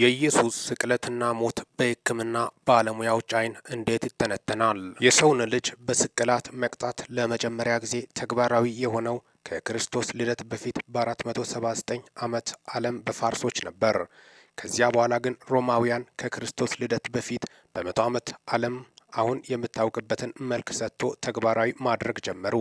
የኢየሱስ ስቅለትና ሞት በሕክምና ባለሙያዎች አይን እንዴት ይተነተናል? የሰውን ልጅ በስቅላት መቅጣት ለመጀመሪያ ጊዜ ተግባራዊ የሆነው ከክርስቶስ ልደት በፊት በ479 ዓመት ዓለም በፋርሶች ነበር። ከዚያ በኋላ ግን ሮማውያን ከክርስቶስ ልደት በፊት በመቶ ዓመት ዓለም አሁን የምታውቅበትን መልክ ሰጥቶ ተግባራዊ ማድረግ ጀመሩ።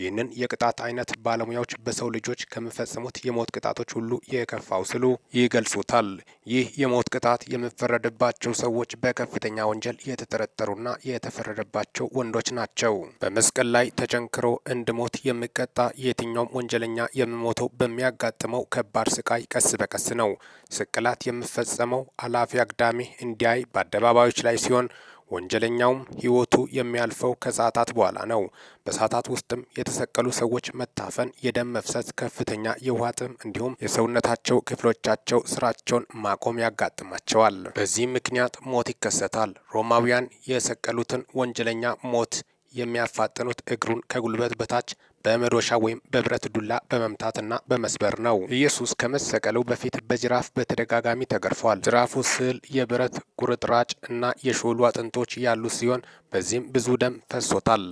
ይህንን የቅጣት አይነት ባለሙያዎች በሰው ልጆች ከሚፈጽሙት የሞት ቅጣቶች ሁሉ የከፋው ስሉ ይገልጹታል። ይህ የሞት ቅጣት የሚፈረድባቸው ሰዎች በከፍተኛ ወንጀል የተጠረጠሩና የተፈረደባቸው ወንዶች ናቸው። በመስቀል ላይ ተቸንክሮ እንድሞት የሚቀጣ የትኛውም ወንጀለኛ የሚሞተው በሚያጋጥመው ከባድ ስቃይ ቀስ በቀስ ነው። ስቅላት የሚፈጸመው አላፊ አግዳሚ እንዲያይ በአደባባዮች ላይ ሲሆን ወንጀለኛውም ህይወቱ የሚያልፈው ከሰዓታት በኋላ ነው። በሰዓታት ውስጥም የተሰቀሉ ሰዎች መታፈን፣ የደም መፍሰስ፣ ከፍተኛ የውሃ ጥም እንዲሁም የሰውነታቸው ክፍሎቻቸው ስራቸውን ማቆም ያጋጥማቸዋል። በዚህም ምክንያት ሞት ይከሰታል። ሮማውያን የሰቀሉትን ወንጀለኛ ሞት የሚያፋጥኑት እግሩን ከጉልበት በታች በመዶሻ ወይም በብረት ዱላ በመምታትና በመስበር ነው። ኢየሱስ ከመሰቀለው በፊት በጅራፍ በተደጋጋሚ ተገርፏል። ጅራፉ ስዕል፣ የብረት ቁርጥራጭ እና የሾሉ አጥንቶች ያሉት ሲሆን በዚህም ብዙ ደም ፈሶታል።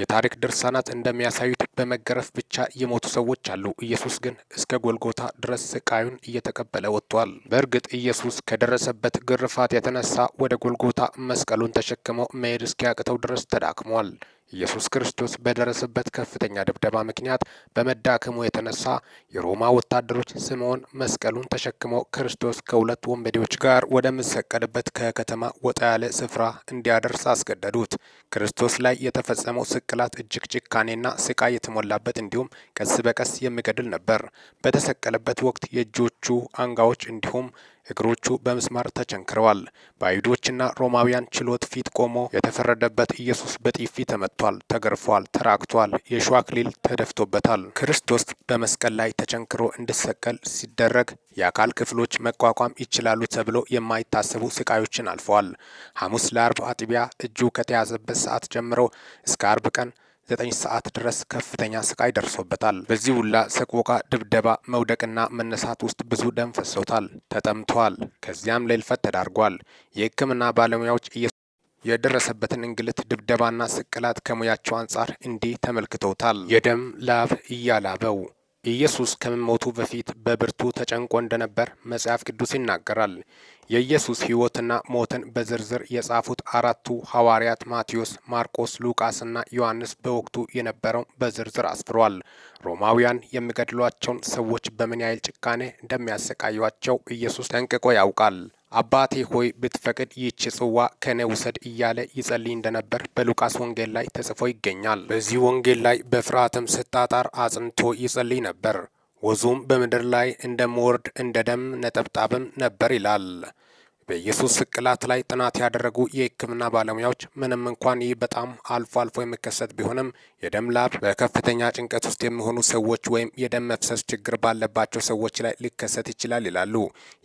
የታሪክ ድርሳናት እንደሚያሳዩት በመገረፍ ብቻ የሞቱ ሰዎች አሉ። ኢየሱስ ግን እስከ ጎልጎታ ድረስ ስቃዩን እየተቀበለ ወጥቷል። በእርግጥ ኢየሱስ ከደረሰበት ግርፋት የተነሳ ወደ ጎልጎታ መስቀሉን ተሸክመው መሄድ እስኪያቅተው ድረስ ተዳክሟል። ኢየሱስ ክርስቶስ በደረሰበት ከፍተኛ ድብደባ ምክንያት በመዳከሙ የተነሳ የሮማ ወታደሮች ስምዖን መስቀሉን ተሸክሞ ክርስቶስ ከሁለት ወንበዴዎች ጋር ወደምሰቀልበት ከከተማ ወጣ ያለ ስፍራ እንዲያደርስ አስገደዱት። ክርስቶስ ላይ የተፈጸመው ስቅላት እጅግ ጭካኔና ስቃይ የተሞላበት እንዲሁም ቀስ በቀስ የሚገድል ነበር። በተሰቀለበት ወቅት የእጆቹ አንጋዎች እንዲሁም እግሮቹ በምስማር ተቸንክረዋል። በአይሁዶችና ሮማውያን ችሎት ፊት ቆሞ የተፈረደበት ኢየሱስ በጥፊ ተመቷል፣ ተገርፏል፣ ተራግቷል፣ የሾህ አክሊል ተደፍቶበታል። ክርስቶስ በመስቀል ላይ ተቸንክሮ እንዲሰቀል ሲደረግ የአካል ክፍሎች መቋቋም ይችላሉ ተብሎ የማይታሰቡ ስቃዮችን አልፈዋል። ሐሙስ ለአርብ አጥቢያ እጁ ከተያዘበት ሰዓት ጀምሮ እስከ አርብ ቀን ዘጠኝ ሰዓት ድረስ ከፍተኛ ስቃይ ደርሶበታል። በዚህ ውላ ሰቆቃ፣ ድብደባ፣ መውደቅና መነሳት ውስጥ ብዙ ደም ፈሶታል፣ ተጠምቷል። ከዚያም ለህልፈት ተዳርጓል። የህክምና ባለሙያዎች የደረሰበትን እንግልት፣ ድብደባና ስቅላት ከሙያቸው አንጻር እንዲህ ተመልክተውታል። የደም ላብ እያላበው ኢየሱስ ከመሞቱ በፊት በብርቱ ተጨንቆ እንደነበር መጽሐፍ ቅዱስ ይናገራል። የኢየሱስ ሕይወትና ሞትን በዝርዝር የጻፉት አራቱ ሐዋርያት ማቴዎስ፣ ማርቆስ፣ ሉቃስና ዮሐንስ በወቅቱ የነበረው በዝርዝር አስፍሯል። ሮማውያን የሚገድሏቸውን ሰዎች በምን ያህል ጭካኔ እንደሚያሰቃያቸው ኢየሱስ ጠንቅቆ ያውቃል። አባቴ ሆይ ብትፈቅድ ይህች ጽዋ ከኔ ውሰድ እያለ ይጸልይ እንደነበር በሉቃስ ወንጌል ላይ ተጽፎ ይገኛል። በዚህ ወንጌል ላይ በፍርሃትም ስጣጣር አጽንቶ ይጸልይ ነበር። ወዙም በምድር ላይ እንደምወርድ እንደ ደም ነጠብጣብም ነበር ይላል። በኢየሱስ ስቅላት ላይ ጥናት ያደረጉ የሕክምና ባለሙያዎች ምንም እንኳን ይህ በጣም አልፎ አልፎ የሚከሰት ቢሆንም የደም ላብ በከፍተኛ ጭንቀት ውስጥ የሚሆኑ ሰዎች ወይም የደም መፍሰስ ችግር ባለባቸው ሰዎች ላይ ሊከሰት ይችላል ይላሉ።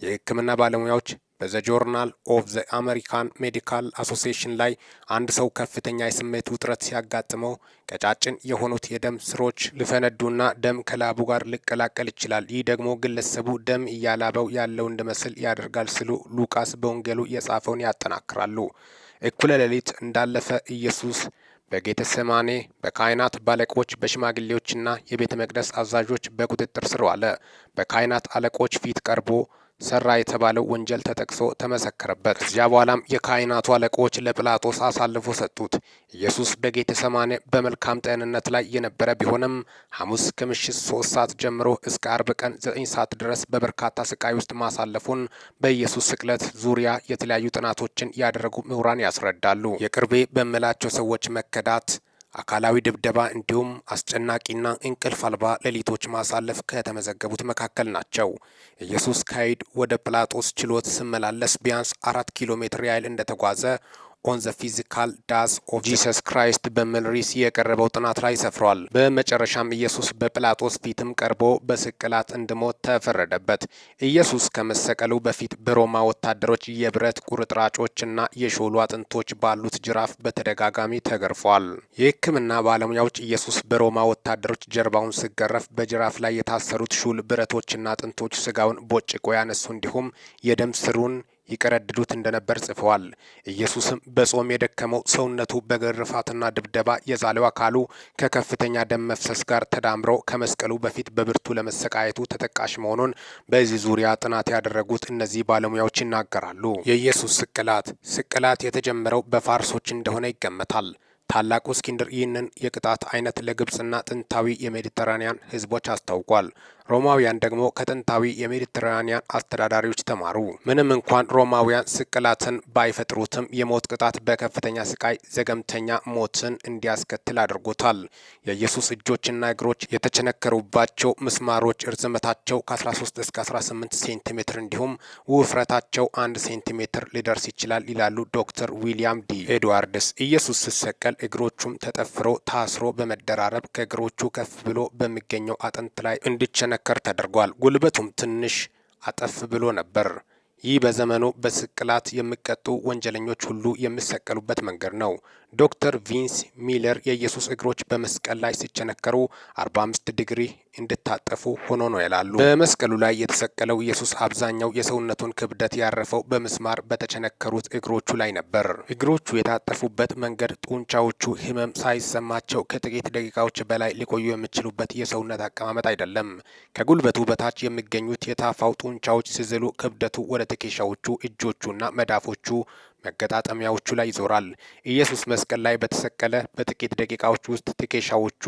የሕክምና ባለሙያዎች በዘ ጆርናል ኦፍ ዘ አሜሪካን ሜዲካል አሶሲሽን ላይ አንድ ሰው ከፍተኛ የስሜት ውጥረት ሲያጋጥመው ቀጫጭን የሆኑት የደም ስሮች ሊፈነዱና ደም ከላቡ ጋር ሊቀላቀል ይችላል። ይህ ደግሞ ግለሰቡ ደም እያላበው ያለው እንዲመስል ያደርጋል ሲሉ ሉቃስ በወንጌሉ የጻፈውን ያጠናክራሉ። እኩለ ሌሊት እንዳለፈ ኢየሱስ በጌተሰማኔ በካህናት ባለቆች በሽማግሌዎችና የቤተ መቅደስ አዛዦች በቁጥጥር ስር ዋለ። በካህናት አለቆች ፊት ቀርቦ ሰራ የተባለው ወንጀል ተጠቅሶ ተመሰከረበት። ከዚያ በኋላም የካህናቱ አለቆች ለጲላጦስ አሳልፎ ሰጡት። ኢየሱስ በጌቴሰማኒ በመልካም ጤንነት ላይ የነበረ ቢሆንም ሐሙስ ከምሽት ሶስት ሰዓት ጀምሮ እስከ አርብ ቀን ዘጠኝ ሰዓት ድረስ በበርካታ ስቃይ ውስጥ ማሳለፉን በኢየሱስ ስቅለት ዙሪያ የተለያዩ ጥናቶችን ያደረጉ ምሁራን ያስረዳሉ። የቅርቤ በምላቸው ሰዎች መከዳት አካላዊ ድብደባ እንዲሁም አስጨናቂና እንቅልፍ አልባ ሌሊቶች ማሳለፍ ከተመዘገቡት መካከል ናቸው። ኢየሱስ ካይድ ወደ ጲላጦስ ችሎት ስመላለስ ቢያንስ አራት ኪሎ ሜትር ያህል እንደተጓዘ ኦን ዘ ፊዚካል ዳስ ኦፍ ጂሰስ ክራይስት በሚል ርዕስ የቀረበው ጥናት ላይ ሰፍሯል። በመጨረሻም ኢየሱስ በጲላጦስ ፊትም ቀርቦ በስቅላት እንዲሞት ተፈረደበት። ኢየሱስ ከመሰቀሉ በፊት በሮማ ወታደሮች የብረት ቁርጥራጮችና የሾሉ አጥንቶች ባሉት ጅራፍ በተደጋጋሚ ተገርፏል። የሕክምና ባለሙያዎች ኢየሱስ በሮማ ወታደሮች ጀርባውን ሲገረፍ በጅራፍ ላይ የታሰሩት ሹል ብረቶችና አጥንቶች ስጋውን ቦጭቆ ያነሱ እንዲሁም የደም ስሩን ይቀረድዱት እንደነበር ጽፈዋል። ኢየሱስም በጾም የደከመው ሰውነቱ በግርፋትና ድብደባ የዛለው አካሉ ከከፍተኛ ደም መፍሰስ ጋር ተዳምሮ ከመስቀሉ በፊት በብርቱ ለመሰቃየቱ ተጠቃሽ መሆኑን በዚህ ዙሪያ ጥናት ያደረጉት እነዚህ ባለሙያዎች ይናገራሉ። የኢየሱስ ስቅላት ስቅላት የተጀመረው በፋርሶች እንደሆነ ይገመታል። ታላቁ እስክንድር ይህንን የቅጣት አይነት ለግብፅና ጥንታዊ የሜዲተራኒያን ህዝቦች አስታውቋል። ሮማውያን ደግሞ ከጥንታዊ የሜዲትራኒያን አስተዳዳሪዎች ተማሩ። ምንም እንኳን ሮማውያን ስቅላትን ባይፈጥሩትም የሞት ቅጣት በከፍተኛ ስቃይ ዘገምተኛ ሞትን እንዲያስከትል አድርጎታል። የኢየሱስ እጆችና እግሮች የተቸነከሩባቸው ምስማሮች እርዝመታቸው ከ13 እስከ 18 ሴንቲሜትር እንዲሁም ውፍረታቸው አንድ ሴንቲሜትር ሊደርስ ይችላል ይላሉ ዶክተር ዊሊያም ዲ ኤድዋርድስ። ኢየሱስ ሲሰቀል እግሮቹም ተጠፍሮ ታስሮ በመደራረብ ከእግሮቹ ከፍ ብሎ በሚገኘው አጥንት ላይ እንዲቸነ እንዲጠነከር ተደርጓል። ጉልበቱም ትንሽ አጠፍ ብሎ ነበር። ይህ በዘመኑ በስቅላት የሚቀጡ ወንጀለኞች ሁሉ የሚሰቀሉበት መንገድ ነው። ዶክተር ቪንስ ሚለር የኢየሱስ እግሮች በመስቀል ላይ ሲቸነከሩ 45 ዲግሪ እንድታጠፉ ሆኖ ነው ይላሉ። በመስቀሉ ላይ የተሰቀለው ኢየሱስ አብዛኛው የሰውነቱን ክብደት ያረፈው በምስማር በተቸነከሩት እግሮቹ ላይ ነበር። እግሮቹ የታጠፉበት መንገድ ጡንቻዎቹ ሕመም ሳይሰማቸው ከጥቂት ደቂቃዎች በላይ ሊቆዩ የሚችሉበት የሰውነት አቀማመጥ አይደለም። ከጉልበቱ በታች የሚገኙት የታፋው ጡንቻዎች ሲዝሉ ክብደቱ ወደ ትከሻዎቹ፣ እጆቹና መዳፎቹ መገጣጠሚያዎቹ ላይ ይዞራል። ኢየሱስ መስቀል ላይ በተሰቀለ በጥቂት ደቂቃዎች ውስጥ ትከሻዎቹ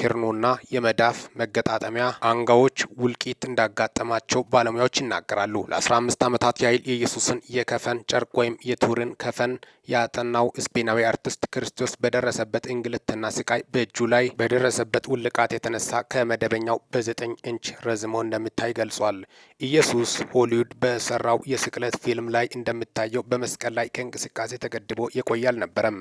ኬርኖና የመዳፍ መገጣጠሚያ አንጋዎች ውልቂት እንዳጋጠማቸው ባለሙያዎች ይናገራሉ። ለ15 ዓመታት ያህል የኢየሱስን የከፈን ጨርቅ ወይም የቱሪን ከፈን ያጠናው ስፔናዊ አርቲስት ክርስቶስ በደረሰበት እንግልትና ስቃይ በእጁ ላይ በደረሰበት ውልቃት የተነሳ ከመደበኛው በዘጠኝ እንች ረዝሞ እንደሚታይ ገልጿል። ኢየሱስ ሆሊውድ በሰራው የስቅለት ፊልም ላይ እንደምታየው በመስቀል ላይ ከእንቅስቃሴ ተገድቦ የቆየ አልነበረም።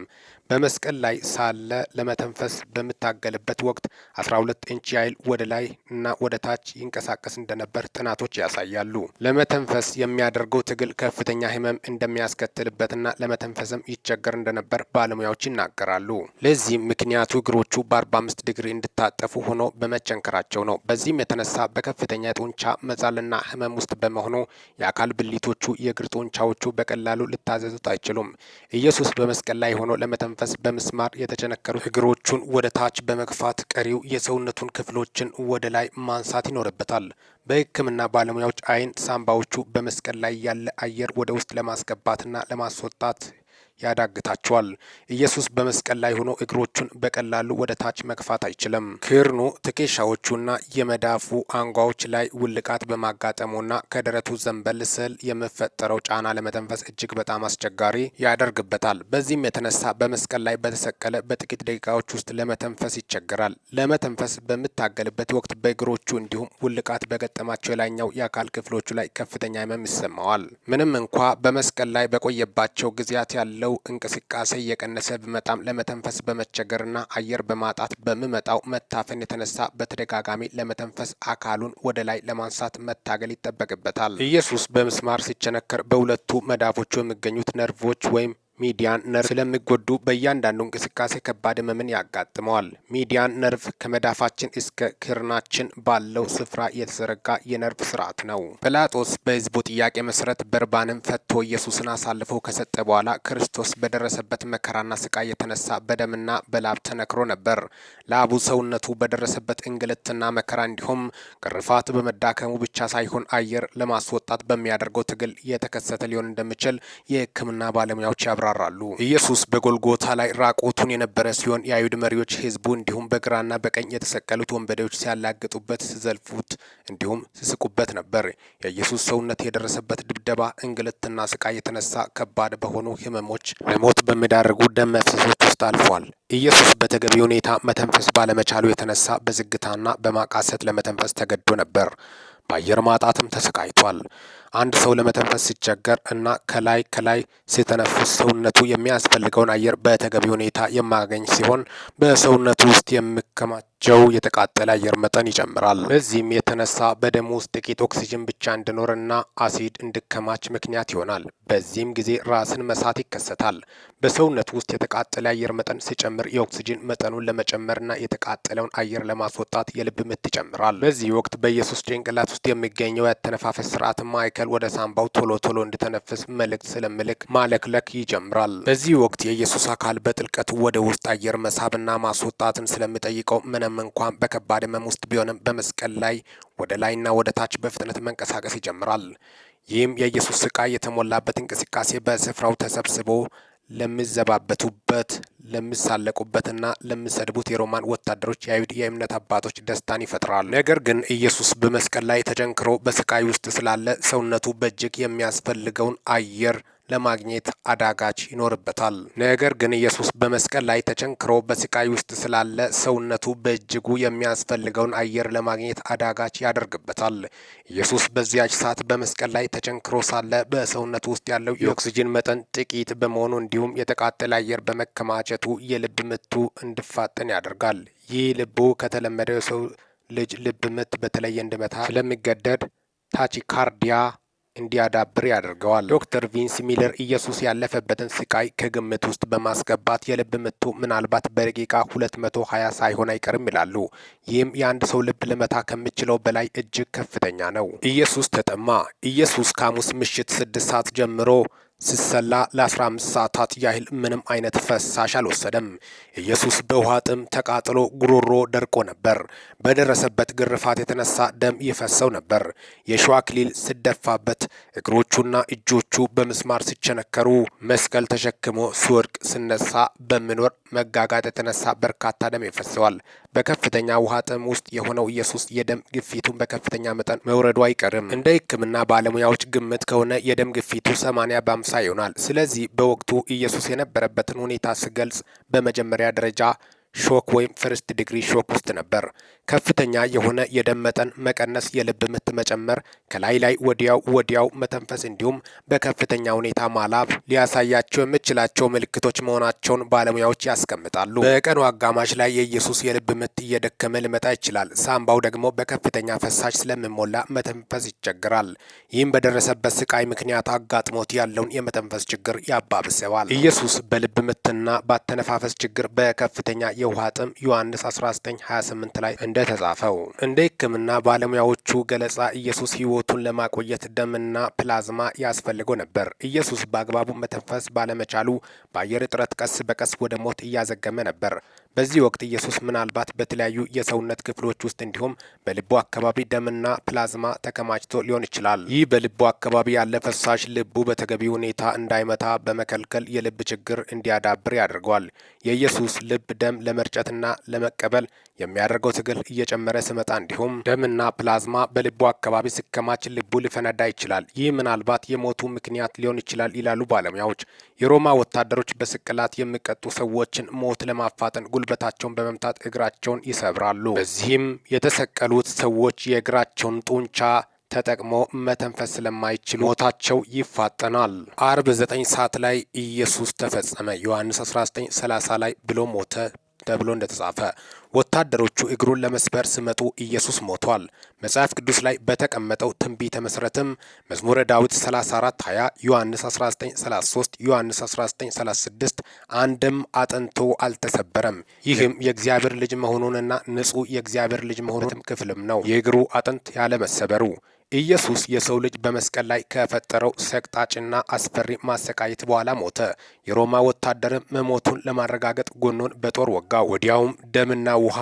በመስቀል ላይ ሳለ ለመተንፈስ በምታገልበት ወቅት ወቅት 12 ኢንች ያህል ወደ ላይ እና ወደ ታች ይንቀሳቀስ እንደነበር ጥናቶች ያሳያሉ። ለመተንፈስ የሚያደርገው ትግል ከፍተኛ ህመም እንደሚያስከትልበትና ለመተንፈስም ይቸገር እንደነበር ባለሙያዎች ይናገራሉ። ለዚህም ምክንያቱ እግሮቹ በ45 ዲግሪ እንዲታጠፉ ሆኖ በመቸንከራቸው ነው። በዚህም የተነሳ በከፍተኛ የጡንቻ መዛልና ህመም ውስጥ በመሆኑ የአካል ብልቶቹ የእግር ጡንቻዎቹ በቀላሉ ልታዘዙት አይችሉም። ኢየሱስ በመስቀል ላይ ሆኖ ለመተንፈስ በምስማር የተቸነከሩ እግሮቹን ወደ ታች በመግፋት ቀሪው የሰውነቱን ክፍሎችን ወደ ላይ ማንሳት ይኖርበታል። በሕክምና ባለሙያዎች አይን ሳምባዎቹ በመስቀል ላይ ያለ አየር ወደ ውስጥ ለማስገባትና ለማስወጣት ያዳግታቸዋል። ኢየሱስ በመስቀል ላይ ሆኖ እግሮቹን በቀላሉ ወደ ታች መግፋት አይችልም። ክርኑ ትከሻዎቹና የመዳፉ አንጓዎች ላይ ውልቃት በማጋጠሙና ከደረቱ ዘንበል ስል የሚፈጠረው ጫና ለመተንፈስ እጅግ በጣም አስቸጋሪ ያደርግበታል። በዚህም የተነሳ በመስቀል ላይ በተሰቀለ በጥቂት ደቂቃዎች ውስጥ ለመተንፈስ ይቸግራል። ለመተንፈስ በምታገልበት ወቅት በእግሮቹ እንዲሁም ውልቃት በገጠማቸው የላይኛው የአካል ክፍሎቹ ላይ ከፍተኛ ህመም ይሰማዋል። ምንም እንኳ በመስቀል ላይ በቆየባቸው ጊዜያት ያለው ያለው እንቅስቃሴ እየቀነሰ ቢመጣም ለመተንፈስ በመቸገርና አየር በማጣት በሚመጣው መታፈን የተነሳ በተደጋጋሚ ለመተንፈስ አካሉን ወደ ላይ ለማንሳት መታገል ይጠበቅበታል። ኢየሱስ በምስማር ሲቸነከር በሁለቱ መዳፎቹ የሚገኙት ነርቮች ወይም ሚዲያ ነርቭ ስለሚጎዱ በእያንዳንዱ እንቅስቃሴ ከባድ ህመምን ያጋጥመዋል። ሚዲያ ነርቭ ከመዳፋችን እስከ ክርናችን ባለው ስፍራ የተዘረጋ የነርቭ ስርዓት ነው። ጲላጦስ በህዝቡ ጥያቄ መሰረት በርባንን ፈቶ ኢየሱስን አሳልፎ ከሰጠ በኋላ ክርስቶስ በደረሰበት መከራና ስቃይ የተነሳ በደምና በላብ ተነክሮ ነበር። ላቡ ሰውነቱ በደረሰበት እንግልትና መከራ እንዲሁም ቅርፋት በመዳከሙ ብቻ ሳይሆን አየር ለማስወጣት በሚያደርገው ትግል የተከሰተ ሊሆን እንደሚችል የህክምና ባለሙያዎች ያብራሉ። ያብራራሉ። ኢየሱስ በጎልጎታ ላይ ራቆቱን የነበረ ሲሆን የአይሁድ መሪዎች ህዝቡ እንዲሁም በግራና በቀኝ የተሰቀሉት ወንበዴዎች ሲያላግጡበት፣ ሲዘልፉት እንዲሁም ሲስቁበት ነበር። የኢየሱስ ሰውነት የደረሰበት ድብደባ፣ እንግልትና ስቃይ የተነሳ ከባድ በሆኑ ህመሞች ለሞት በሚዳርጉ ደም መፍሰሶች ውስጥ አልፏል። ኢየሱስ በተገቢ ሁኔታ መተንፈስ ባለመቻሉ የተነሳ በዝግታና በማቃሰት ለመተንፈስ ተገዶ ነበር። በአየር ማጣትም ተሰቃይቷል። አንድ ሰው ለመተንፈስ ሲቸገር እና ከላይ ከላይ ሲተነፍስ ሰውነቱ የሚያስፈልገውን አየር በተገቢ ሁኔታ የማገኝ ሲሆን በሰውነቱ ውስጥ የሚከማቸው የተቃጠለ አየር መጠን ይጨምራል። በዚህም የተነሳ በደም ውስጥ ጥቂት ኦክሲጅን ብቻ እንዲኖርና አሲድ እንዲከማች ምክንያት ይሆናል። በዚህም ጊዜ ራስን መሳት ይከሰታል። በሰውነት ውስጥ የተቃጠለ አየር መጠን ሲጨምር የኦክሲጅን መጠኑን ለመጨመርና የተቃጠለውን አየር ለማስወጣት የልብ ምት ይጨምራል። በዚህ ወቅት በኢየሱስ ጭንቅላት ውስጥ የሚገኘው ያተነፋፈስ ስርዓት ማይከ መካከል ወደ ሳምባው ቶሎ ቶሎ እንድተነፍስ መልእክት ስለምልክ ማለክለክ ይጀምራል። በዚህ ወቅት የኢየሱስ አካል በጥልቀት ወደ ውስጥ አየር መሳብና ማስወጣትን ስለሚጠይቀው ምንም እንኳን በከባድ ህመም ውስጥ ቢሆንም በመስቀል ላይ ወደ ላይና ወደ ታች በፍጥነት መንቀሳቀስ ይጀምራል። ይህም የኢየሱስ ስቃይ የተሞላበት እንቅስቃሴ በስፍራው ተሰብስቦ ለሚዘባበቱበት ለሚሳለቁበትና ለሚሰድቡት የሮማን ወታደሮች የአይሁድ የእምነት አባቶች ደስታን ይፈጥራል። ነገር ግን ኢየሱስ በመስቀል ላይ ተጨንክሮ በስቃይ ውስጥ ስላለ ሰውነቱ በእጅግ የሚያስፈልገውን አየር ለማግኘት አዳጋች ይኖርበታል። ነገር ግን ኢየሱስ በመስቀል ላይ ተቸንክሮ በስቃይ ውስጥ ስላለ ሰውነቱ በእጅጉ የሚያስፈልገውን አየር ለማግኘት አዳጋች ያደርግበታል። ኢየሱስ በዚያች ሰዓት በመስቀል ላይ ተቸንክሮ ሳለ በሰውነቱ ውስጥ ያለው የኦክስጂን መጠን ጥቂት በመሆኑ እንዲሁም የተቃጠለ አየር በመከማቸቱ የልብ ምቱ እንድፋጠን ያደርጋል። ይህ ልቡ ከተለመደው የሰው ልጅ ልብ ምት በተለየ እንድመታ ስለሚገደድ ታቺካርዲያ እንዲያዳብር ያደርገዋል። ዶክተር ቪንስ ሚለር ኢየሱስ ያለፈበትን ስቃይ ከግምት ውስጥ በማስገባት የልብ ምቱ ምናልባት በደቂቃ 220 ሳይሆን አይቀርም ይላሉ። ይህም የአንድ ሰው ልብ ልመታ ከምችለው በላይ እጅግ ከፍተኛ ነው። ኢየሱስ ተጠማ። ኢየሱስ ከሐሙስ ምሽት ስድስት ሰዓት ጀምሮ ሲሰላ ለ15 ሰዓታት ያህል ምንም አይነት ፈሳሽ አልወሰደም። ኢየሱስ በውሃ ጥም ተቃጥሎ ጉሮሮ ደርቆ ነበር። በደረሰበት ግርፋት የተነሳ ደም ይፈሰው ነበር። የሸዋ ክሊል ስደፋበት እግሮቹና እጆቹ በምስማር ሲቸነከሩ፣ መስቀል ተሸክሞ ሲወድቅ ስነሳ በምኖር መጋጋጥ የተነሳ በርካታ ደም ይፈሰዋል። በከፍተኛ ውሃ ጥም ውስጥ የሆነው ኢየሱስ የደም ግፊቱን በከፍተኛ መጠን መውረዱ አይቀርም። እንደ ሕክምና ባለሙያዎች ግምት ከሆነ የደም ግፊቱ 80 ወሳኝ ይሆናል። ስለዚህ በወቅቱ ኢየሱስ የነበረበትን ሁኔታ ስገልጽ በመጀመሪያ ደረጃ ሾክ ወይም ፈርስት ዲግሪ ሾክ ውስጥ ነበር። ከፍተኛ የሆነ የደም መጠን መቀነስ፣ የልብ ምት መጨመር፣ ከላይ ላይ ወዲያው ወዲያው መተንፈስ እንዲሁም በከፍተኛ ሁኔታ ማላብ ሊያሳያቸው የምችላቸው ምልክቶች መሆናቸውን ባለሙያዎች ያስቀምጣሉ። በቀኑ አጋማሽ ላይ የኢየሱስ የልብ ምት እየደከመ ሊመጣ ይችላል። ሳምባው ደግሞ በከፍተኛ ፈሳሽ ስለሚሞላ መተንፈስ ይቸግራል። ይህም በደረሰበት ስቃይ ምክንያት አጋጥሞት ያለውን የመተንፈስ ችግር ያባብሰዋል። ኢየሱስ በልብ ምትና ባተነፋፈስ ችግር በከፍተኛ የውሃ ጥም ዮሐንስ 1928 ላይ እንደተጻፈው እንደ ሕክምና ባለሙያዎቹ ገለጻ ኢየሱስ ሕይወቱን ለማቆየት ደምና ፕላዝማ ያስፈልገው ነበር። ኢየሱስ በአግባቡ መተንፈስ ባለመቻሉ በአየር እጥረት ቀስ በቀስ ወደ ሞት እያዘገመ ነበር። በዚህ ወቅት ኢየሱስ ምናልባት በተለያዩ የሰውነት ክፍሎች ውስጥ እንዲሁም በልቡ አካባቢ ደምና ፕላዝማ ተከማችቶ ሊሆን ይችላል። ይህ በልቡ አካባቢ ያለ ፈሳሽ ልቡ በተገቢ ሁኔታ እንዳይመታ በመከልከል የልብ ችግር እንዲያዳብር ያደርገዋል። የኢየሱስ ልብ ደም ለመርጨትና ለመቀበል የሚያደርገው ትግል እየጨመረ ስመጣ እንዲሁም ደምና ፕላዝማ በልቡ አካባቢ ሲከማች ልቡ ሊፈነዳ ይችላል። ይህ ምናልባት የሞቱ ምክንያት ሊሆን ይችላል ይላሉ ባለሙያዎች። የሮማ ወታደሮች በስቅላት የሚቀጡ ሰዎችን ሞት ለማፋጠን ጉልበታቸውን በመምታት እግራቸውን ይሰብራሉ። በዚህም የተሰቀሉት ሰዎች የእግራቸውን ጡንቻ ተጠቅሞ መተንፈስ ስለማይችሉ ሞታቸው ይፋጠናል። አርብ 9 ሰዓት ላይ ኢየሱስ ተፈጸመ ዮሐንስ 19:30 ላይ ብሎ ሞተ ተብሎ እንደተጻፈ ወታደሮቹ እግሩን ለመስበር ሲመጡ ኢየሱስ ሞቷል። መጽሐፍ ቅዱስ ላይ በተቀመጠው ትንቢተ መሰረትም መዝሙረ ዳዊት 34 20፣ ዮሐንስ 1933፣ ዮሐንስ 1936 አንድም አጥንቱ አልተሰበረም። ይህም የእግዚአብሔር ልጅ መሆኑንና ንጹህ የእግዚአብሔር ልጅ መሆኑንም ክፍልም ነው የእግሩ አጥንት ያለመሰበሩ ኢየሱስ የሰው ልጅ በመስቀል ላይ ከፈጠረው ሰቅጣጭና አስፈሪ ማሰቃየት በኋላ ሞተ። የሮማ ወታደርም መሞቱን ለማረጋገጥ ጎኑን በጦር ወጋ ወዲያውም ደምና ውሃ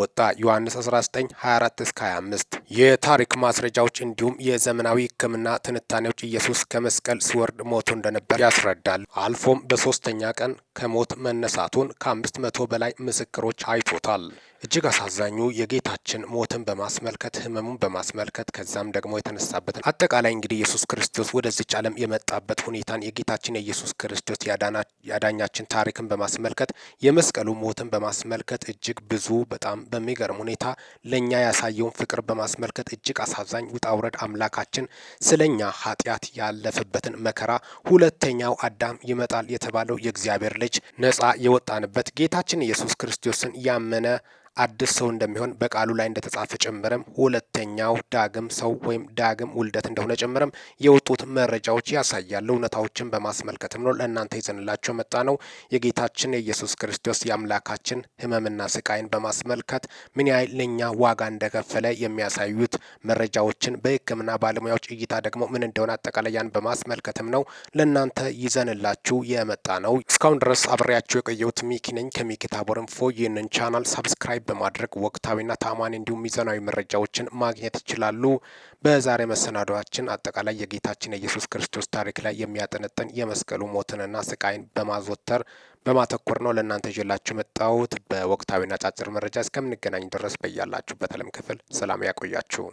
ወጣ። ዮሐንስ 19:24-25 የታሪክ ማስረጃዎች እንዲሁም የዘመናዊ ሕክምና ትንታኔዎች ኢየሱስ ከመስቀል ሲወርድ ሞቱ እንደነበር ያስረዳል። አልፎም በሶስተኛ ቀን ከሞት መነሳቱን ከአምስት መቶ በላይ ምስክሮች አይቶታል። እጅግ አሳዛኙ የጌታችን ሞትን በማስመልከት ህመሙን በማስመልከት ከዛም ደግሞ የተነሳበትን አጠቃላይ እንግዲህ ኢየሱስ ክርስቶስ ወደዚች ዓለም የመጣበት ሁኔታን የጌታችን የኢየሱስ ክርስቶስ ያዳኛችን ታሪክን በማስመልከት የመስቀሉ ሞትን በማስመልከት እጅግ ብዙ በጣም በሚገርም ሁኔታ ለእኛ ያሳየውን ፍቅር በማስመልከት እጅግ አሳዛኝ ውጣ ውረድ አምላካችን ስለኛ ኃጢአት ያለፈበትን መከራ ሁለተኛው አዳም ይመጣል የተባለው የእግዚአብሔር ልጅ ነጻ የወጣንበት ጌታችን ኢየሱስ ክርስቶስን ያመነ አዲስ ሰው እንደሚሆን በቃሉ ላይ እንደተጻፈ ጭምርም ሁለተኛው ዳግም ሰው ወይም ዳግም ውልደት እንደሆነ ጭምርም የወጡት መረጃዎች ያሳያሉ። እውነታዎችን በማስመልከትም ነው ለእናንተ ይዘንላቸው መጣ ነው የጌታችን የኢየሱስ ክርስቶስ የአምላካችን ሕመምና ስቃይን በማስመልከት ምን ያህል ለእኛ ዋጋ እንደከፈለ የሚያሳዩት መረጃዎችን በሕክምና ባለሙያዎች እይታ ደግሞ ምን እንደሆነ አጠቃላይ ያን በማስመልከትም ነው ለእናንተ ይዘንላችሁ የመጣ ነው። እስካሁን ድረስ አብሬያችሁ የቆየሁት ሚኪ ነኝ ከሚኪ ታቦር ኢንፎ። ይህንን ቻናል ሳብስክራይብ በማድረግ ወቅታዊና ታማኒ እንዲሁም ሚዛናዊ መረጃዎችን ማግኘት ይችላሉ። በዛሬ መሰናዷችን አጠቃላይ የጌታችን የኢየሱስ ክርስቶስ ታሪክ ላይ የሚያጠነጥን የመስቀሉ ሞትንና ስቃይን በማዘወተር በማተኮር ነው ለእናንተ ይዤላችሁ መጣሁት። በወቅታዊና አጫጭር መረጃ እስከምንገናኝ ድረስ በያላችሁበት ዓለም ክፍል ሰላም ያቆያችሁ።